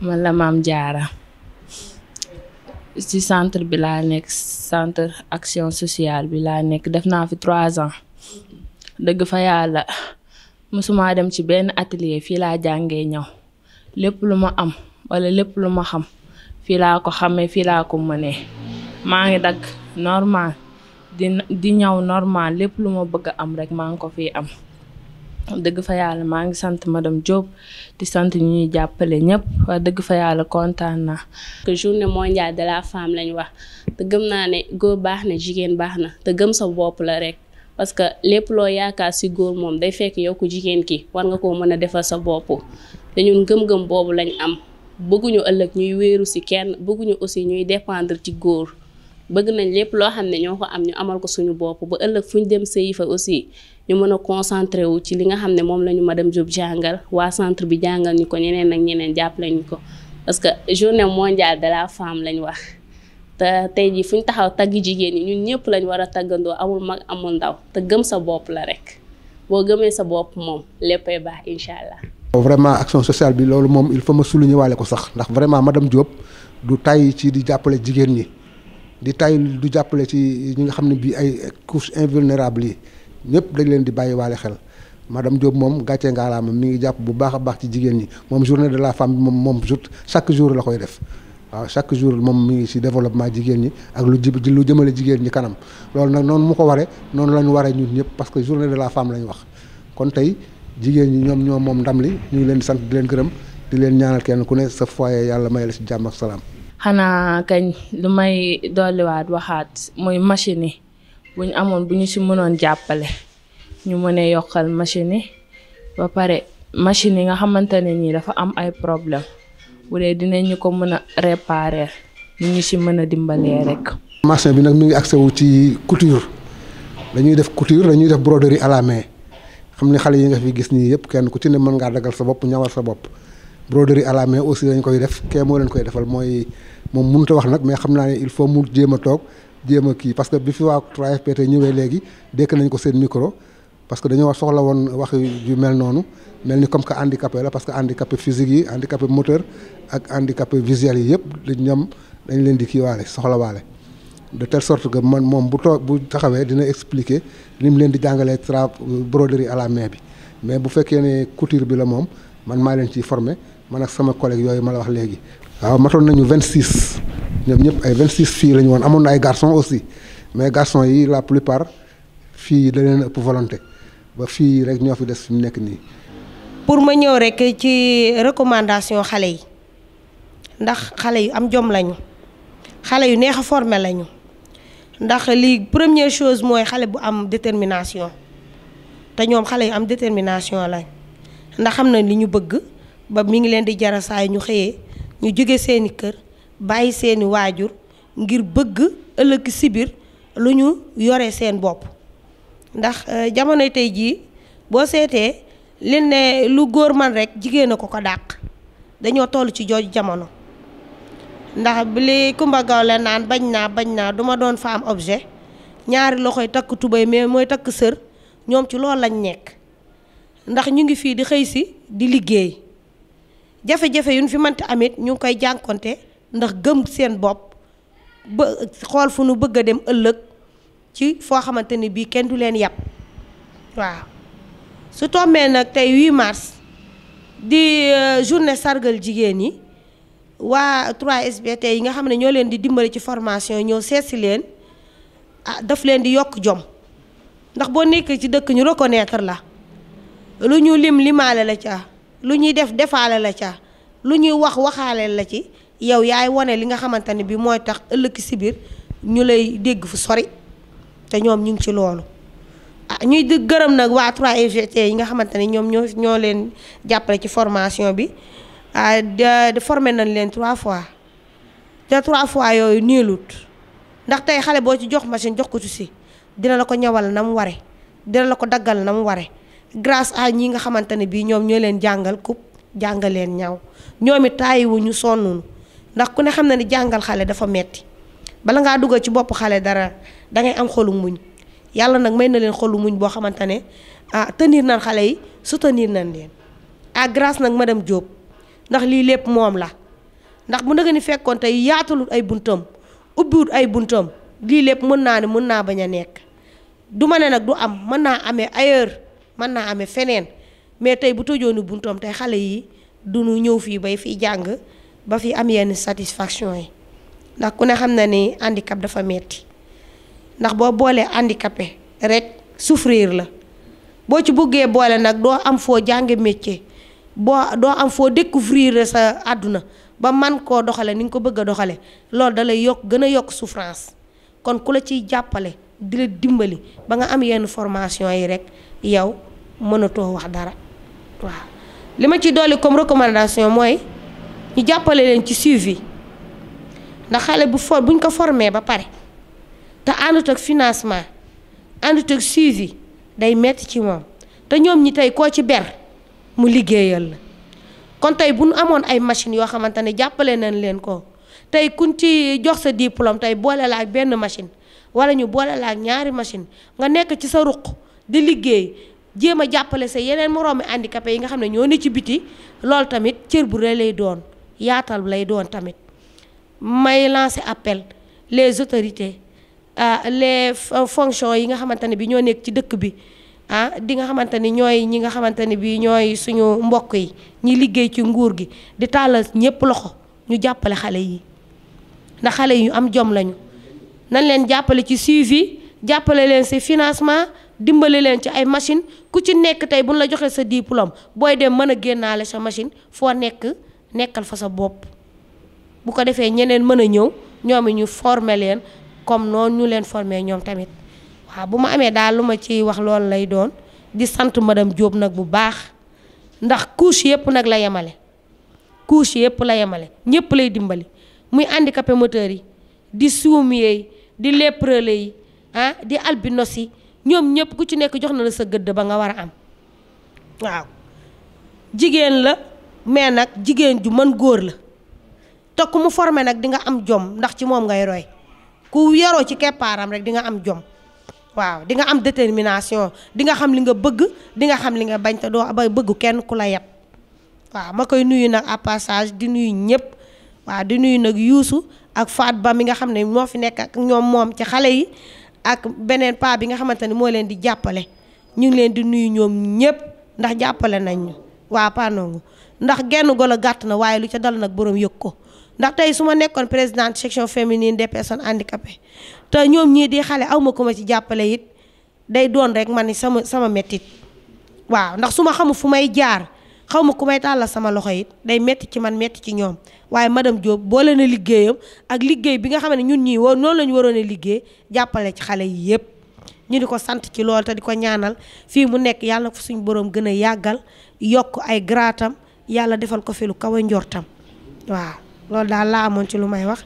man la maam jaara ci centre bi laa nekk centre action sociale bi laa nekk def naa fi trois ans dëgg fa yàlla mësuma dem ci benn atelier fii laa jàngee ñaw lépp lu ma am walla lépp lu ma xam fii laa ko xamee fii laa ko mënee maa ngi dagg normal di ñaw normal lépp lu ma bëgg am rek maa ngi ko fii am dëgg fa yàlla maa ngi sant madame Diop di sant ñu ñuy jàppale ñëpp wax dëgg fa yàlla kontaan naa. que journée mondiale de la femme lañ wax te gëm naa ne góor baax na jigéen baax na te gëm sa bopp la rek parce que lépp loo yaakaar si góor moom day fekk yow ku jigéen ki war nga koo mën a defal sa bopp te ñun gëm-gëm boobu lañ am bëgguñu ëllëg ñuy wéeru si kenn bëgguñu aussi ñuy dépendre ci góor. bëgg nañ lépp loo xam ne ñoo ko am ñu amal ko suñu bopp ba ëllëg fu ñu dem sëyi fa aussi ñu mën a concentré wu ci li nga xam ne moom la ñu dem jóob jàngal waa centre bi jàngal ñu ko ñeneen ak ñeneen jàppale ñu ko parce que journée mondiale de la femme wax te tey jii fu ñu taxaw tagg jigéen ñi ñun ñëpp lañ war a taggandoo amul mag amul ndaw te gëm sa bopp la rek boo gëmee sa bopp moom léppay baax incha allah. vraiment action sociale bi loolu moom il faut ma souligner waale ko sax ndax vraiment dem Diop du tay ci di jàppale jigéen ñi. di tayul du jàppale ci ñi nga xam ne bii ay couches invulnérables yi ñëpp dañ leen di bàyyi waale xel dem Diop moom gàccee ngaalaama mi ngi jàpp bu baax a baax ci jigéen ñi moom journée de la femme bi moom moom jour chaque jour la koy def waaw chaque jour moom mi ngi ci développement jigéen ñi ak lu ji lu jëmale jigéen ñi kanam lool nag noonu mu ko waree noonu la ñu waree ñun ñëpp parce que journée de la femme la wax kon tey jigéen ñi ñoom ñoo moom ndam li ñu ngi leen sant di leen gërëm di leen ñaanal kenn ku ne sa foyer yàlla may la ci jàmm salaam. xanaa kañ lu may dolliwaat waxaat mooy machine yi bu ñu amoon bu ñu si mënoon jàppale ñu mën a yokkal machine yi ba pare machine yi nga xamante ne nii dafa am ay problème bu dee dinañu ko mën a réparer ñu ñu si mën a dimbalee rek. marché bi nag mi ngi accès wu ci couture dañuy def couture dañuy def broderie à la main xam ne xale yi nga fi gis nii yëpp kenn ku ci ne mën ngaa dagal sa bopp ñawal sa bopp. broderie à la main aussi dañ koy def kee moo leen koy defal mooy moom mënut a wax nag mais xam naa ne il faut mu jéema a toog jéem a kii parce que bi fi waa 3FPT ñëwee léegi dékk nañ ko seen micro parce que dañoo soxla woon wax yu mel noonu mel ni comme que handicapé la parce que handicapé physique yi handicapé moteur ak handicapé visuel yi yëpp dañ ñam dañ leen di soxla waale de tell sorte que man moom bu too bu taxawee dina expliquer lim leen di jàngalee tra broderie à la bi mais bu fekkee ne couture bi la moom man maa leen ciy former man ak sama collègue yooyu ma la wax léegi waaw matoon nañu vingt six ñoom ñëpp ay vingt six fii la ñu woon amoon na ay garçons aussi mais garçons yi la plupart filles yi da leen ëpp volonté ba fii rek ñoo fi des fi mu nekk nii. pour ma ñëw rek ci recommandation xale yi ndax xale yu am jom lañu xale yu neex a formé lañu ndax lii première chose mooy xale bu am détermination te ñoom xale yu am détermination lañ ndax xam na li ñu bëgg. ba mu ngi leen di jara saay ñu xëyee ñu jóge seeni kër bàyyi seeni waajur ngir bëgg ëllëg si biir lu ñu yore seen bopp ndax euh, jamonoy tey jii boo seetee li ne lu góor man rek jigéen ko ko dàq dañoo toll ci jooju jamono ndax bi li Kumba Gawlo naan bañ naa bañ naa duma doon femme objet ñaari loxoy takk tubéy mais mooy takk sër ñoom ci loolu lañ nekk ndax ñu ngi fii di xëy si di liggéey jafe-jafe yu ñu fi mënti amit ñu ngi koy jànkonte ndax gëm seen bopp ba xool fu nu bëgg a dem ëllëg ci foo xamante ni bii kenn du leen yàpp waaw su tombee nag tey 8 mars di euh, journée sargal jigéen yi waa 3SBT yi nga xam ne ñoo leen di dimbali ci formation ñoo seetsi leen ah daf leen di yokk jom ndax boo nekkee ci dëkk ñu reconnaître la lu ñu lim limaale la ca lu ñuy def defaale la ca lu ñuy wax waxaale la ci yow yaay wane li nga xamante ne bi mooy tax ëllëg si biir ñu lay dégg fu sori te ñoom ñu ngi ci loolu ah, ñuy di nag waa yi nga xamante ne ñoom ñoo ñoo leen jàppale ci formation bi ah de formé nañ leen trois fois te trois fois yooyu niilut ndax tey xale boo ci jox machine jox ko si dina la ko ñawal na mu ware dina la ko daggal na mu ware grace à ñi nga xamante ne bii ñoom ñoo leen jàngal kub jàngal leen ñaw ñoom it ñu sonnuñu ndax ku ne xam na ni jàngal xale dafa metti bala ngaa dugal ci bopp xale dara dangay am xolu muñ yàlla nag may na leen xolu muñ boo xamante ne ah tenir nan xale yi soutenir nan leen ah grace nag ma dem Diop ndax lii lépp moom la ndax bu nga fekkoon tey yaatalul ay buntam ubbiwut ay buntam lii lépp mën naa ne mën naa bañ a nekk du ma ne nag du am mën naa amee ailleurs. mën naa amee feneen mais tey bu tëjoonu buntoom tey xale yi duñu ñëw fii bay fii jàng ba fi am yenn satisfaction yi ndax ku ne xam na ni handicap dafa metti ndax boo boolee handicapé rek souffrir la boo ci buggee boole nag doo am foo jànge métier boo doo am foo découvrir sa àdduna ba man koo doxale ni nga ko bëgg a doxale loolu da lay yokk gën a yokk souffrance kon ku la ciy jàppale di la dimbali ba nga am yenn formation yi rek yow mënatoo wax dara waaw li ma ci dolli comme recommandation mooy ñu jàppale leen ci suivi ndax xale bu for buñ ko formee ba pare te àndut ak financement àndut ak suivi day metti ci moom te ñoom ñi tey koo ci ber mu liggéeyal la kon tey bu nu amoon ay machines yoo xamante ne jàppale nañ leen ko tey kuñ ci jox sa diplôme tey boole la ak benn machine wala ñu boole la ak ñaari machine nga nekk ci sa ruq di liggéey jéem a jàppale sa yeneen moroomi indi handicapé yi nga xam ne ñoo ne ci biti loolu tamit cër bu rëy lay doon yaatal lay doon tamit may lancer appel les autorité ah euh, les euh, fonctions yi nga xamante ne bi ñoo nekk ci dëkk bi ah di nga xamante ni ñooy ñi nga xamante ne bi ñooy suñu mbokk yi ñi liggéey ci nguur gi di tàllal ñépp loxo ñu jàppale xale yi ndax xale yi ñu am jom lañu nañ leen jàppale ci suivi jàppale leen si financement dimbali leen ci ay machine ku ci nekk tey bu ñu la joxee sa diplôme booy dem mën a génnaale sa machine foo nekk nekkal fa sa bopp bu ko defee ñeneen mën a ñëw ñoom it ñu former leen comme noonu ñu leen former ñoom tamit waaw bu ma amee daal lu ma ciy wax loolu lay doon di sant madame jóob nag bu baax ndax couche yëpp nag la yemale couche yëpp la yemale ñëpp lay dimbali muy handicapé moteur yi di sourds-muets di lépreux yi ah, di albinos yi ñoom ñëpp ku ci nekk jox na la sa gëdd ba nga war a am waaw jigéen la mais nag jigéen ju mën góor la te ku mu formé nag di nga am jomm ndax ci moom ngay roy ku yaroo ci keppaaram rek di nga am jomm waaw di nga am détermination di nga xam li nga bëgg di nga xam li nga bañ te doo ba bëgg kenn ku la yeb waaw ma koy nuyu nag à di nuyu ñëpp waaw di nuyu nag yuusu ak faat ba mi nga xam ne moo fi nekk ak ñoom moom ci xale yi ak beneen paa bi nga xamante ni moo leen di jàppale ñu ngi leen di nuyu ñoom ñëpp ndax jàppale nañ waa Panongo ndax genn golo gàtt na waaye lu ca dal nag borom yëg ko ndax tey su ma nekkoon présidente section féminine des personnes handicapées te ñoom ñii di xale aw ma ko ma ci jàppale it day doon rek man ni sama sama méttit waaw ndax su ma xamul fu may jaar xaw ma ku may tàllal sama loxo it day metti ci man metti ci ñoom waaye madame Diop boo na liggéeyam ak liggéey bi nga xam ne ñun ñi woo noonu la ñu waroon a liggéey jàppale ci xale yi yëpp. ñu di ko sant ci lool te di ko ñaanal fii mu nekk yàlla na ko suñ boroom gën a yàggal yokk ay graatam yàlla defal ko fi lu kaw a njortam waaw loolu daal laa amoon ci lu may wax.